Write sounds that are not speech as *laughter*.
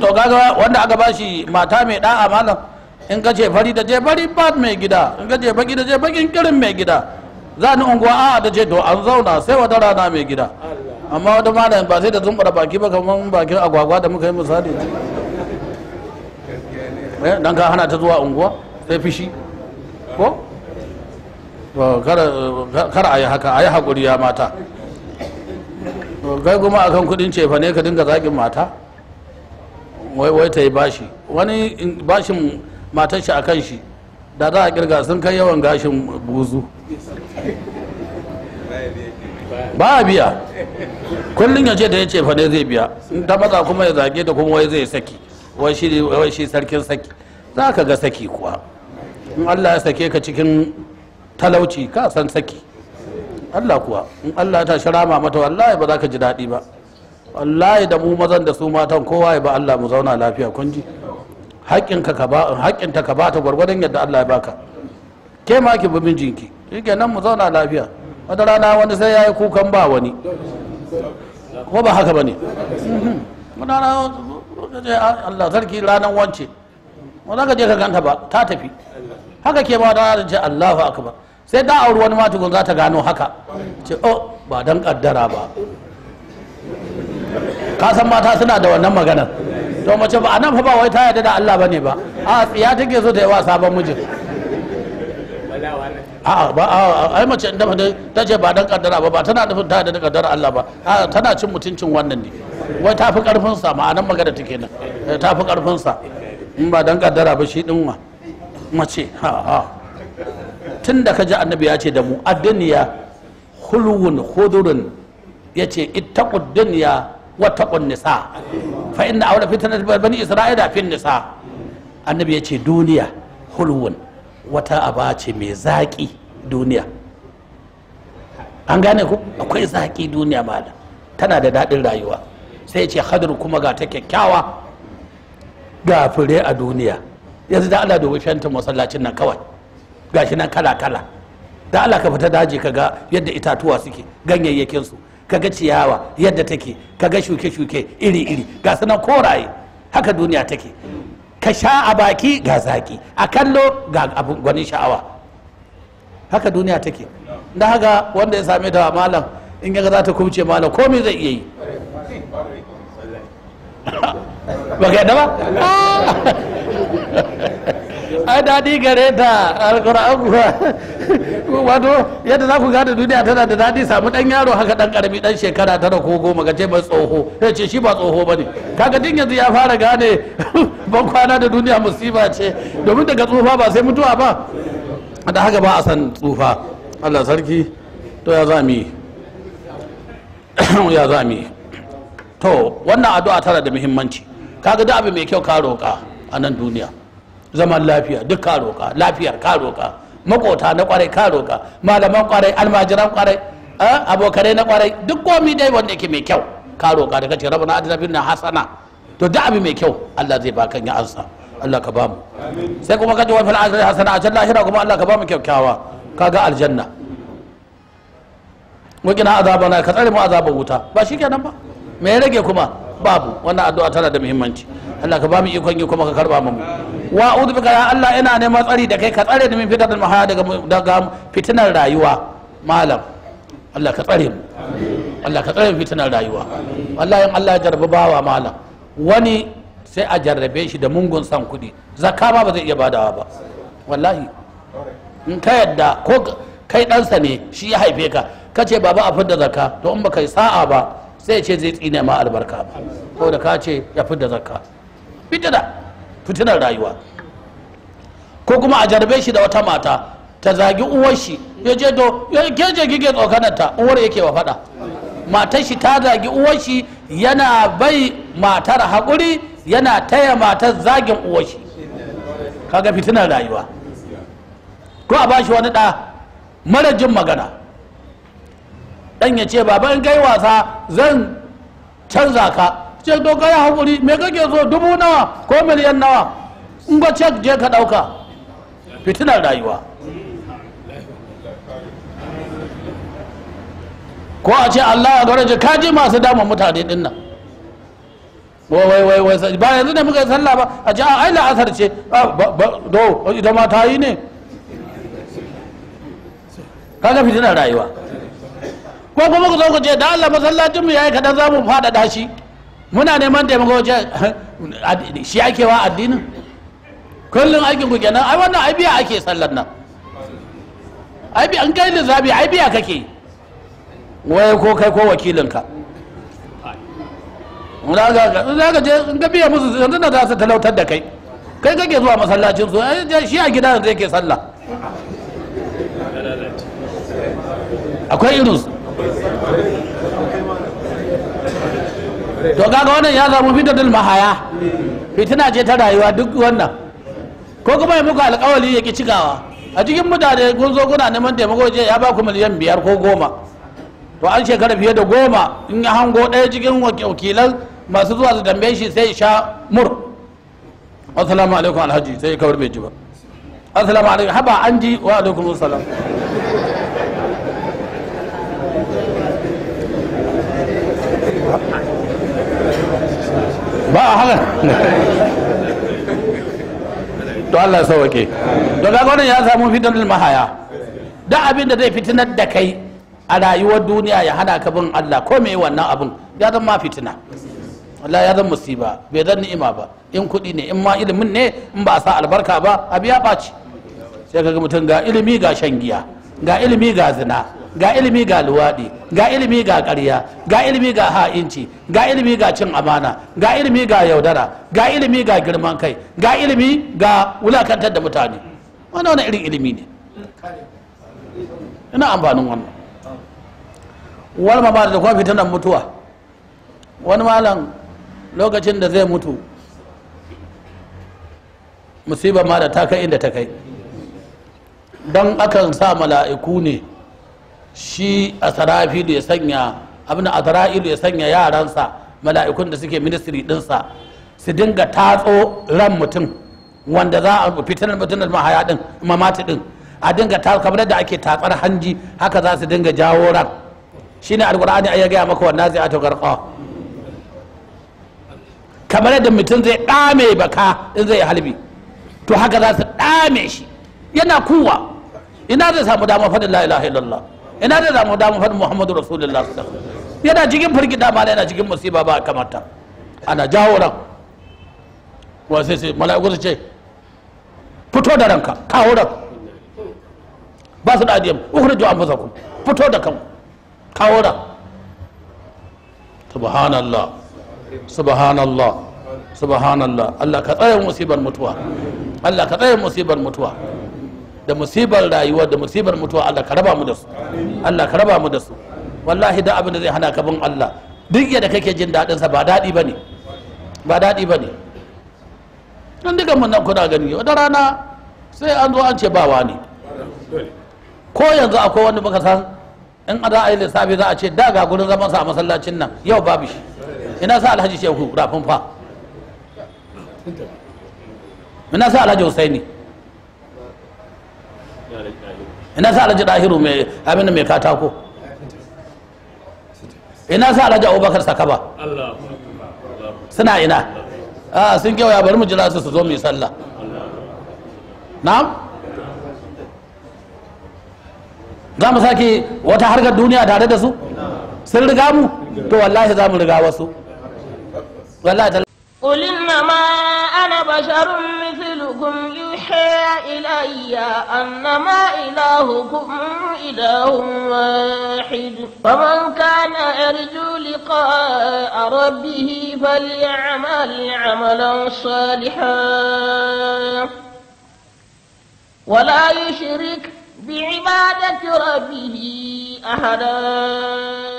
to gaga wanda aka bashi mata mai da'a malam in ka ce fari da je fari ba mai gida in ka ce baki da je bakin kirin mai gida za ni unguwa a'a da je to an zauna sai wata rana mai gida amma wata malam ba sai da zumbura baki ba kamar bakin agwagwa da muka yi misali eh, dan ka hana ta zuwa unguwa sai fishi ko kar a yi haka a yi haƙuri ya mata kai kuma akan kudin cefa ne ka dinga zagin mata wai wai ta yi bashi wani bashin matar shi kan shi da za a kirga sun kai yawan gashin buzu ba a biya kullum ya ce da ya ce fa ne zai biya in ta matsa kuma ya zage ta kuma wai zai saki wai shi sarkin saki za ka ga saki kuwa in allah ya sake ka cikin talauci ka san saki allah kuwa in allah ta shirama mata wallahi ba za ka ji daɗi ba wallahi da mu mazan da su matan kowa ya ba Allah mu zauna lafiya kun ji haƙƙinka ka ba haƙƙinta ka ba ta gwargwadon yadda Allah ya baka ke ma ki bi mijinki shike nan mu zauna lafiya wata rana wani sai ya yi kukan ba wani ko ba haka ba ne mhm. Allah sarki ranar wance mu za ka je ka ganta ba ta tafi haka ke ba da ce Allahu akbar sai da auri wani matu tukun za ta gano haka ce oh ba dan kaddara ba Kasan mata suna da wannan maganar to mace ba anan fa ba wai ta yarda da Allah bane ba a tsiya take so ta yi wa sabon mijin a'a ba ai mace da ta ce ba dan kaddara ba ba tana nufin ta da kaddara Allah ba a tana cin mutuncin wannan ne wai ta fi karfin sa ma'anan magana take nan eh, ta fi karfin sa in ba dan kaddara ba shi din wa mace ha ha tun da ka ji annabi ya ce da mu addiniya hulwun hudurun ya ce ittaqud dunya wattaqun nisa fa inna awla fitnati bani isra'ila fin nisa annabi yace duniya hulwun wata aba ce mai zaƙi duniya an gane ku akwai zaƙi duniya malam tana da daɗin rayuwa sai ce hadar kuma ga ta kyakkyawa ga fure a duniya yanzu da Allah dubi fentin masallacin nan kawai gashi nan kala kala da Allah ka fita daji ka ga yadda itatuwa suke ganyayyakin su kaga ciyawa yadda take kaga shuke-shuke iri-iri ga sunan koraye haka duniya take ka sha a baki ga zaki a kallo ga abin gwanin sha'awa haka duniya take da haka wanda ya same ta malam in ga za ta kumce malam komai zai iya yi *laughs* ba ka yadda ba *laughs* ai daɗi gare ta alkur'an kuwa wato yadda za ku gada duniya tana da daɗi samu ɗan yaro haka ɗan ƙarami ɗan shekara tara ko goma ga ce mai tsoho ya ce shi ba tsoho ba ne kaga din yanzu ya fara gane *laughs* ban kwana da duniya musiba ce domin daga tsufa ba sai mutuwa ba da haka ba a san tsufa allah sarki to ya za mu yi *coughs* ya za mu yi to wannan addu'a tana da muhimmanci kaga da abu mai kyau ka roƙa a nan duniya zaman lafiya duk ka roƙa lafiyar ka roƙa makota na kwarai ka roƙa malaman kwarai almajiran kwarai abokanai na kwarai duk komi dai wanda yake mai kyau ka roƙa daga ce rabana adina bin na hasana to duk abu mai kyau Allah zai baka ya ansa Allah ka bamu sai kuma ka ji wa fil ajri hasana ajal lahira kuma Allah ka bamu kyakkyawa kaga aljanna wa kina azabana ka tsare mu azabar wuta ba shikenan ba me ya rage kuma babu wannan addu'a tana da muhimmanci Allah ka bamu ikon yi kuma ka karba mu wa udu bi ya Allah ina neman tsari da kai ka tsare da min fitatul mahaya daga daga fitinar rayuwa malam Allah ka tsare mu Allah ka tsare fitinar rayuwa wallahi in Allah ya jarbi bawa malam wani sai a jarrabe shi da mungun san kuɗi zakka ba ba zai iya badawa ba wallahi in ka yadda ko kai ɗansa ne shi ya haife ka ka ce baba a fidda zakka to in baka yi sa'a ba sai ce zai tsine ma albarka ba ko da ka ce ya fidda zakka bidda fitinar rayuwa ko kuma a jarbe shi da wata mata ta zagi uwar shi ya je to ya keje gige tsokanar ta uwar yake wa fada matar shi ta zagi uwar shi yana bai matar hakuri yana taya matar zagin uwar shi kaga fitinar rayuwa ko a bashi wani ɗa mara jin magana dan ya ce baban gai wasa zan canza ka ce to kai hakuri me kake so dubu nawa ko miliyan nawa in ba cek je ka dauka fitinar rayuwa ko a ce Allah ya ka ji masu damun mutane din nan wai wai wai ba yanzu ne muka yi sallah ba a ce a ai la'asar ce do ita ma ta yi ne kaga fitinar rayuwa ko kuma ku zo ku ce da Allah masallacin mu yayi kadan zamu fada shi muna neman taimako wajen *laughs* shi ake wa addinin kullum aikin ku kenan ai wannan ai biya ake sallar nan ai biya an kai lissafi ai biya kake waye ko kai ko wakilinka za ka je in ka biya musu yanzu da za su talautar da kai kai kake zuwa masallacin su shi a gida yanzu yake sallah akwai irinsu to kaga wannan ya zamu fitatul mahaya fitina ce ta rayuwa duk wannan ko kuma ya muku alkawali ya ki cikawa a cikin mutane kun zo kuna neman taimako je ya ba ku miliyan biyar ko goma to an shekara fiye da goma in ya hango ɗaya cikin wakilan masu zuwa su tambaye shi sai sha mur assalamu alaikum alhaji sai kawar bai ji ba assalamu alaikum haba an ji wa alaikum assalam to Allah sauke to kaga wannan ya samu fitanul mahaya duk abin da zai fitinar da kai a rayuwar duniya ya hana ka bin Allah ko me wannan abin ya zan ma fitina Allah ya zan musiba bai zan ni'ima ba in kuɗi ne in ma ilimin ne in ba a sa albarka ba abu ya ɓaci sai kaga mutum ga ilimi ga shan giya ga ilimi ga zina ga ilimi ga luwaɗi ga ilimi ga ƙarya ga ilimi ga ha'inci ga ilimi ga cin amana ga ilimi ga yaudara ga ilimi ga girman kai ga ilimi ga wulakantar da mutane wani wani irin ilimi ne ina amfanin wannan wani ma da kuma fitinan mutuwa wani malam lokacin da zai mutu musibar ma da ta kai inda ta kai don akan sa mala'iku ne shi a da ya sanya abin a ya sanya yaransa mala'ikun da suke ministry dinsa su dinga tatso ran mutum wanda za a fitinar mutum mahaya din mamati din a dinga ta kamar da ake tatsar hanji haka za su dinga jawo ran shine alqur'ani a ya gaya maka wannan zai ato garqa kamar da mutum zai ɗame baka in zai halbi to haka za su dame shi yana kuwa ina zai samu dama faɗin la ilaha illallah ina da zamu damu faɗin muhammadu rasulullah yana cikin firgita ma yana cikin musiba ba kamata ana jawo ran wa sai sai mala'iku su ce fito da ranka kawo ran ba su da adiyam ukhriju anfusakum fito da kanku kawo ran subhanallah subhanallah subhanallah Allah ka tsaya musibar mutuwa Allah ka tsaya musibar mutuwa da musibar rayuwa da musibar mutuwa Allah ka raba mu da su Allah ka raba mu da su wallahi da abin da zai hana ka bin Allah duk yadda kake jin daɗin sa ba daɗi bane ba daɗi bane dan dukan mun nan kuna gani wata rana sai an zo an ce ba wani ko yanzu akwai wani baka san in a za a yi lissafi za a ce da ga gurin zaman sa a masallacin nan yau babu shi ina sa alhaji shehu rafin fa ina sa alhaji husaini ina sa alhaji dahiru mai aminu mai katako ina sa alhaji abubakar sakaba suna ina a sun ya bari mu jira su su zo mu yi sallah na'am za mu sake wata harkar duniya tare da su sun riga mu to wallahi za mu riga wasu wallahi قل إنما أنا بشر مثلكم أوحي إلي أنما إلهكم إله واحد فمن كان يرجو لقاء ربه فليعمل عملا صالحا ولا يشرك بعبادة ربه أحدا